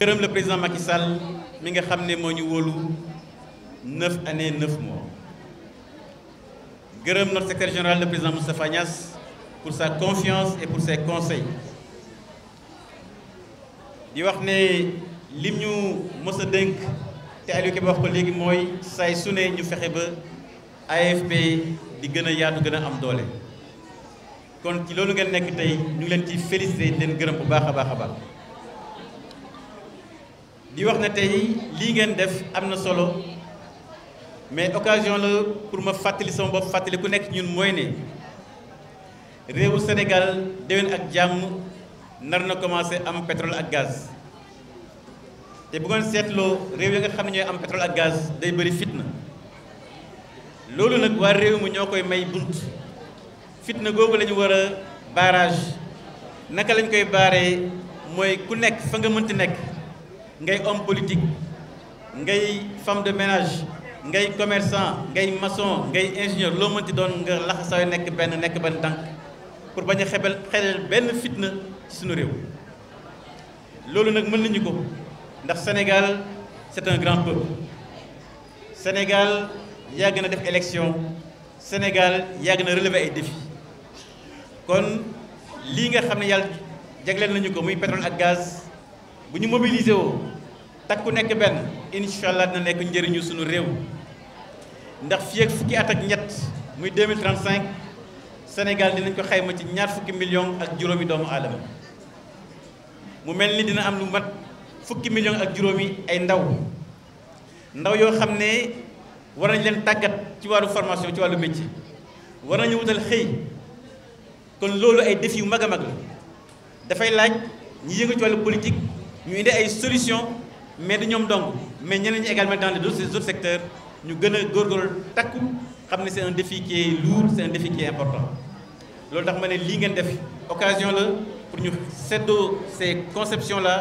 gërëm la président Macky Sall mi nga xam ne moo ñu wóolu neuf années neuf mois gërëm notre secrétaire général le président Moustapha Niass pour sa confiance et pour see conseils di wax ne lim ñu mës a dénk te Aliou Kébé wax ko léegi mooy saay su ne ñu fexe ba AFP di gën a yaatu gën a am doole kon ci loolu ngeen nekk tey ñu ngi leen ci félicité leen gërëm bu baax a baax a baax li wax na tey lii ngeen def am na solo mais occasion la pour ma fàttali sama bopp fàttali ku nekk ñun mooy ne réewu Sénégal déwén ak jàmm nar na commencé am pétrole ak gaz te bu ngeen seetloo réew yi nga xam ne ñooy am pétrole ak gaz day bëri fitna loolu nag waa réew mi ñoo koy may bunt fitna googu lañu ñu war a barrage naka lañ koy bare mooy ku nekk fa nga mënti nekk ngay homme politique ngay femme de ménage ngay commerçant ngay maçon ngay ingénieur loo mënti doon nga laxasaayu nekk benn nekk benn dànk pour bañ a xebel xelel benn fitna ci suñu réew loolu nag mën nañu ko ndax Sénégal c'est un grand peuple Sénégal yàgg na def élection Sénégal yàgg na relever ay défis kon lii nga xam ne yàlla jagleel nañu ko muy pétrole ak gaz bu ñu mobiliser woo takk ku nekk benn incha allah dina nekk njëriñu suñu réew ndax fii ak fukki at ak ñett muy 2035 Sénégal dinañ ko xayma ci ñaar fukki million ak juróomi doomu aadama mu mel ni dina am lu mat fukki million ak juróomi ay ndaw ndaw yoo xam ne war nañ leen tàggat ci wàllu formation ci wàllu métier war nañu wutal xëy kon loolu ay def yu mag a mag la dafay laaj ñi yëngu ci wàllu politique ñu indi ay solution mais du ñoom donc mais ñeneen ñi également dans les autres secteurs ñu gën a góorgóorlu takku xam ne c'est un défi qui est lourd c'est un défi important loolu tax ma ne lii ngeen def occasion la pour ñu seddoo ces conceptions la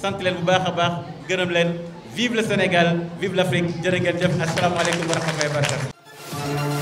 sant leen bu baax a baax gërëm leen vive le Sénégal vive l'Afrique jërë ngeen jëf asalaamaaleykum wa rahmatullahi wa barakatu